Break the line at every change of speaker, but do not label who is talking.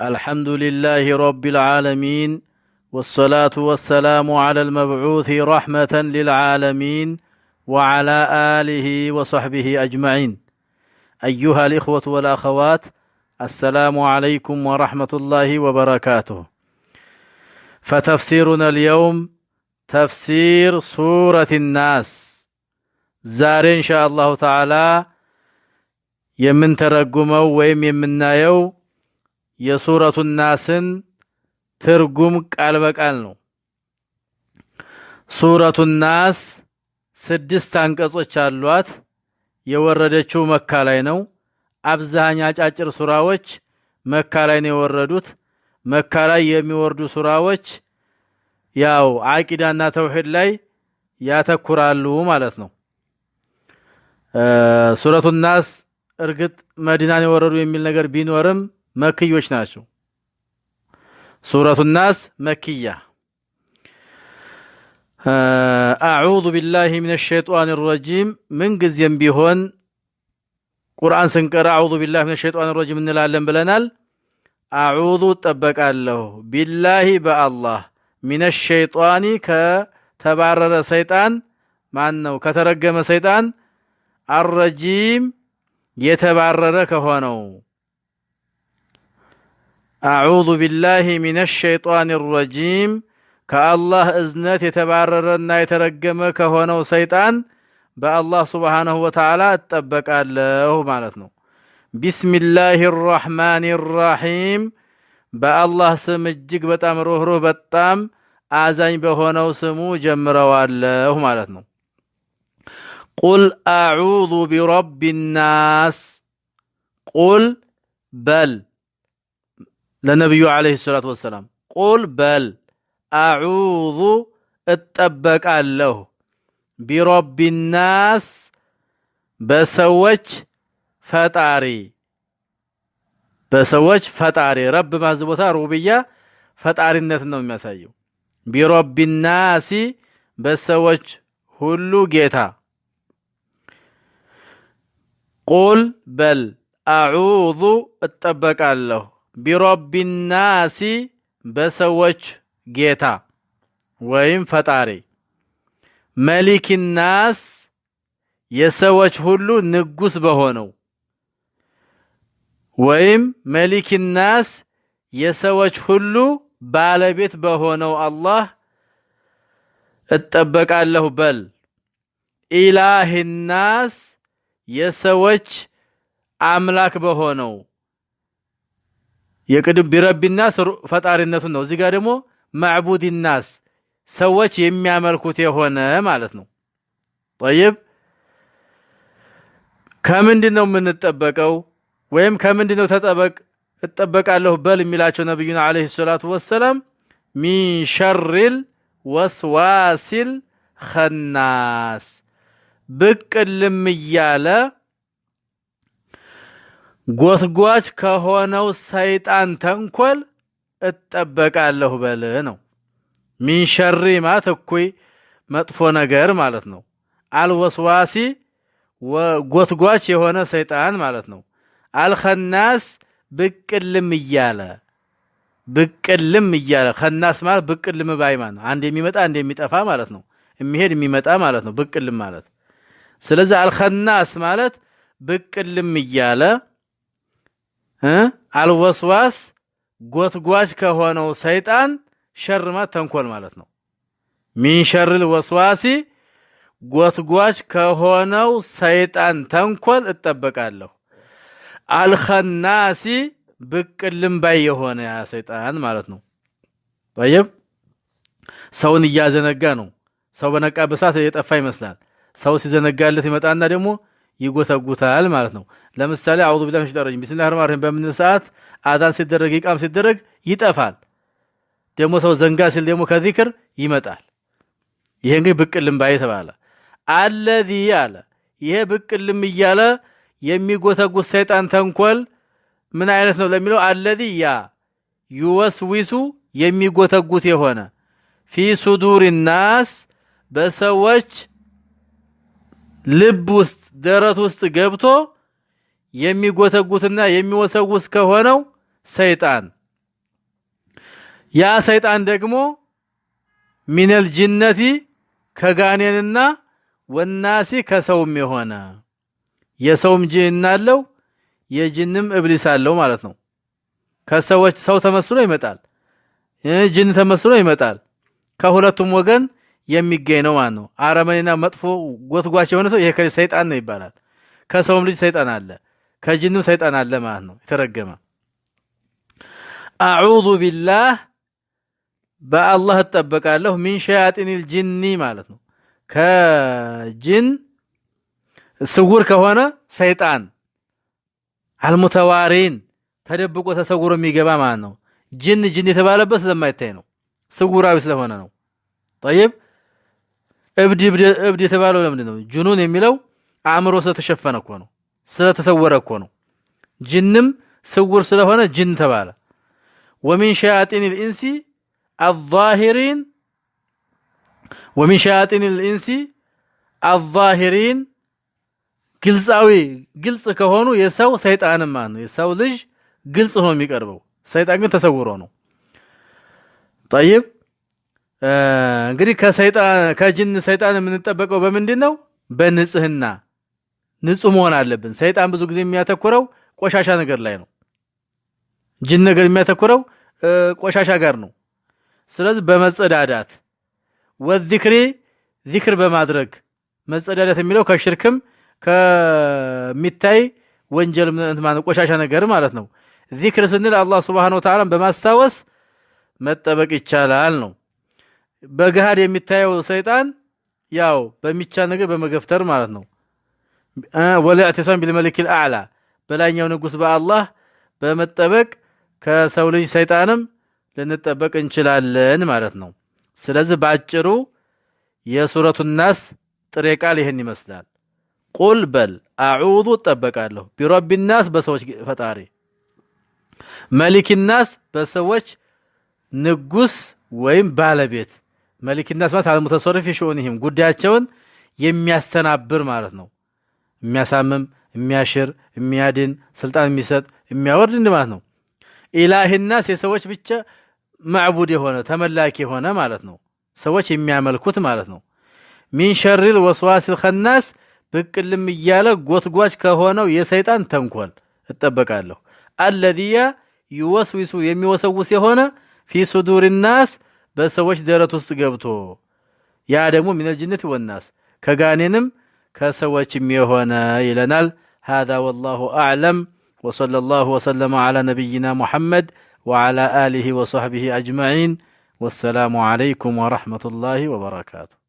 الحمد لله رب العالمين والصلاة والسلام على المبعوث رحمة للعالمين وعلى آله وصحبه أجمعين أيها الإخوة والأخوات السلام عليكم ورحمة الله وبركاته فتفسيرنا اليوم تفسير سورة الناس زار إن شاء الله تعالى يمن ተዓላ ويم يمن نايو የሱረቱ ናስን ትርጉም ቃል በቃል ነው። ሱረቱ ናስ ስድስት አንቀጾች አሏት። የወረደችው መካ ላይ ነው። አብዛኛ አጫጭር ሱራዎች መካ ላይ ነው የወረዱት። መካ ላይ የሚወርዱ ሱራዎች ያው አቂዳና ተውሂድ ላይ ያተኩራሉ ማለት ነው። ሱረቱ ናስ እርግጥ መዲናን የወረዱ የሚል ነገር ቢኖርም مكيوش ناسو سورة الناس مكية آه، أعوذ بالله من الشيطان الرجيم من قز ينبيهون قرآن سنقر أعوذ بالله من الشيطان الرجيم من العالم بلنال أعوذ تبك الله بالله بالله من الشيطان كتبرر سيطان معنو كترقم سيطان الرجيم يتبرر كهوانو አዑዙ ቢላሂ ሚነ ሸይጣን ረጂም ከአላህ እዝነት የተባረረና የተረገመ ከሆነው ሰይጣን በአላህ ሱብሓነሁ ወተዓላ እጠበቃለሁ ማለት ነው። ቢስሚላሂ ራሕማን ራሒም በአላህ ስም እጅግ በጣም ሩህሩህ በጣም አዛኝ በሆነው ስሙ ጀምረዋለሁ ማለት ነው። ቁል አዑዙ ቢረቢ ናስ ቁል በል ለነቢዩ ዓለይሂ ሰላቱ ወሰላም ቁል በል አዑዙ እጠበቃለሁ ቢሮቢናስ በሰዎች ፈጣሪ በሰዎች ፈጣሪ ረብ ማዝ ቦታ ሩብያ ፈጣሪነት ነው የሚያሳየው። ቢሮቢናሲ በሰዎች ሁሉ ጌታ ቁል በል አዑዙ እጠበቃለሁ ቢሮቢናሲ በሰዎች ጌታ ወይም ፈጣሪ መሊኪናስ የሰዎች ሁሉ ንጉስ በሆነው ወይም መሊኪናስ የሰዎች ሁሉ ባለቤት በሆነው አላህ እጠበቃለሁ በል። ኢላህናስ የሰዎች አምላክ በሆነው የቅድም ቢረቢናስ ፈጣሪነቱን ነው። እዚህ ጋር ደግሞ ማዕቡድ ሰዎች የሚያመልኩት የሆነ ማለት ነው። ጠይብ ከምንድን ነው የምንጠበቀው? ወይም ከምንድን ነው ተጠበቅ እጠበቃለሁ በል የሚላቸው ነቢዩና ዓለይሂ ሰላቱ ወሰላም ሚን ሸሪል ወስዋሲል ኸናስ ብቅ ልም እያለ ጎትጓች ከሆነው ሰይጣን ተንኮል እጠበቃለሁ በል ነው። ሚንሸሪ ማት እኩይ መጥፎ ነገር ማለት ነው። አልወስዋሲ ጎትጓች የሆነ ሰይጣን ማለት ነው። አልኸናስ ብቅልም እያለ ብቅልም እያለ ከናስ ማለት ብቅልም ባይ ማለት ነው። አንድ የሚመጣ አንድ የሚጠፋ ማለት ነው። የሚሄድ የሚመጣ ማለት ነው። ብቅልም ማለት ስለዚህ አልኸናስ ማለት ብቅልም እያለ አልወስዋስ ጎትጓጅ ከሆነው ሰይጣን ሸርማ ተንኮል ማለት ነው። ሚንሸርል ወስዋሲ ጎትጓጅ ከሆነው ሰይጣን ተንኮል እጠበቃለሁ። አልኸናሲ ብቅልም ባይ የሆነ ያ ሰይጣን ማለት ነው። ጠይብ ሰውን እያዘነጋ ነው። ሰው በነቃ በሳት የጠፋ ይመስላል። ሰው ሲዘነጋለት ይመጣና ደግሞ ይጎተጉታል ማለት ነው። ለምሳሌ አውዙ ቢላሂ ሚነሸይጣኒ ረጂም ቢስሚላሂ ረህማኒ ረሂም በምንል ሰዓት አዛን ሲደረግ ይቃም ሲደረግ ይጠፋል። ደግሞ ሰው ዘንጋ ሲል ደግሞ ከዚክር ይመጣል። ይሄ እንግዲህ ብቅልም ባይ ተባለ አለዚ አለ ይሄ ብቅልም እያለ የሚጎተጉት ሰይጣን ተንኮል ምን አይነት ነው ለሚለው አለዚ ያ ዩወስዊሱ የሚጎተጉት የሆነ ፊ ሱዱር ናስ በሰዎች ልብ ውስጥ ደረት ውስጥ ገብቶ የሚጎተጉትና የሚወሰውስ ከሆነው ሰይጣን ያ ሰይጣን ደግሞ ሚነል ጅነቲ ከጋኔንና ወናሲ ከሰውም የሆነ የሰውም ጅን አለው የጅንም እብሊስ አለው ማለት ነው። ከሰዎች ሰው ተመስሎ ይመጣል፣ ጅን ተመስሎ ይመጣል። ከሁለቱም ወገን የሚገኝ ነው ማለት ነው። አረመኔና መጥፎ ጎትጓች የሆነ ሰው ይሄ ሰይጣን ነው ይባላል። ከሰውም ልጅ ሰይጣን አለ፣ ከጅንም ሰይጣን አለ ማለት ነው። የተረገመ አዑዙ ቢላህ በአላህ እጠበቃለሁ ሚን ሸያጢኒል ጂኒ ማለት ነው። ከጅን ስውር ከሆነ ሰይጣን አልሙተዋሪን ተደብቆ ተሰውሮ የሚገባ ማለት ነው። ጅን ጅን የተባለበት ስለማይታይ ነው፣ ስውራዊ ስለሆነ ነው። ጠይብ እብድ እብድ የተባለው ለምንድን ነው? ጅኑን የሚለው አእምሮ ስለተሸፈነ እኮ ነው፣ ስለተሰወረ እኮ ነው። ጅንም ስውር ስለሆነ ጅን ተባለ። ወሚን ሸያጢን ልኢንሲ አዛሂሪን ወሚን ሸያጢን ልኢንሲ አዛሂሪን ግልጻዊ ግልጽ ከሆኑ የሰው ሰይጣንም ማለት ነው። የሰው ልጅ ግልጽ ሆኖ የሚቀርበው ሰይጣን ግን ተሰውሮ ነው። ጠይብ እንግዲህ ከሰይጣን ከጅን ሰይጣን የምንጠበቀው በምንድን ነው? በንጽህና ንጹህ መሆን አለብን። ሰይጣን ብዙ ጊዜ የሚያተኩረው ቆሻሻ ነገር ላይ ነው። ጅን ነገር የሚያተኩረው ቆሻሻ ጋር ነው። ስለዚህ በመጸዳዳት ወዚክሪ ዚክር በማድረግ መጸዳዳት የሚለው ከሽርክም ከሚታይ ወንጀል ቆሻሻ ነገር ማለት ነው። ዚክር ስንል አላህ ሱብሓነሁ ወተዓላ በማስታወስ መጠበቅ ይቻላል ነው። በገሃድ የሚታየው ሰይጣን ያው በሚቻል ነገር በመገፍተር ማለት ነው ወለአተሳም ቢልመልክ አላ በላይኛው ንጉስ በአላህ በመጠበቅ ከሰው ልጅ ሰይጣንም ልንጠበቅ እንችላለን ማለት ነው። ስለዚህ ባጭሩ የሱረቱ ናስ ጥሬ ቃል ይህን ይመስላል። ቁል በል አዑዙ እጠበቃለሁ፣ ቢረቢ ናስ በሰዎች ፈጣሪ፣ መሊክ ናስ በሰዎች ንጉስ ወይም ባለቤት መሊክና ስማት አልሙተሰሪፍ የሽኡንህም ጉዳያቸውን የሚያስተናብር ማለት ነው። የሚያሳምም፣ የሚያሽር፣ የሚያድን፣ ስልጣን የሚሰጥ፣ የሚያወርድ እንደ ማለት ነው። ኢላህናስ የሰዎች ብቻ ማዕቡድ የሆነ ተመላኪ የሆነ ማለት ነው። ሰዎች የሚያመልኩት ማለት ነው። ሚን ሸሪል ወስዋሲል ኸናስ ብቅልም እያለ ጎትጓች ከሆነው የሰይጣን ተንኮል እጠበቃለሁ። አለዚያ ይወስዊሱ የሚወሰውስ የሆነ ፊ ሱዱር ናስ በሰዎች ደረት ውስጥ ገብቶ ያ ደግሞ ሚነል ጅነት ወናስ ከጋኔንም ከሰዎችም የሆነ ይለናል። هذا والله أعلم وصلى الله وسلم على نبينا محمد وعلى آله وصحبه أجمعين والسلام عليكم ورحمة الله وبركاته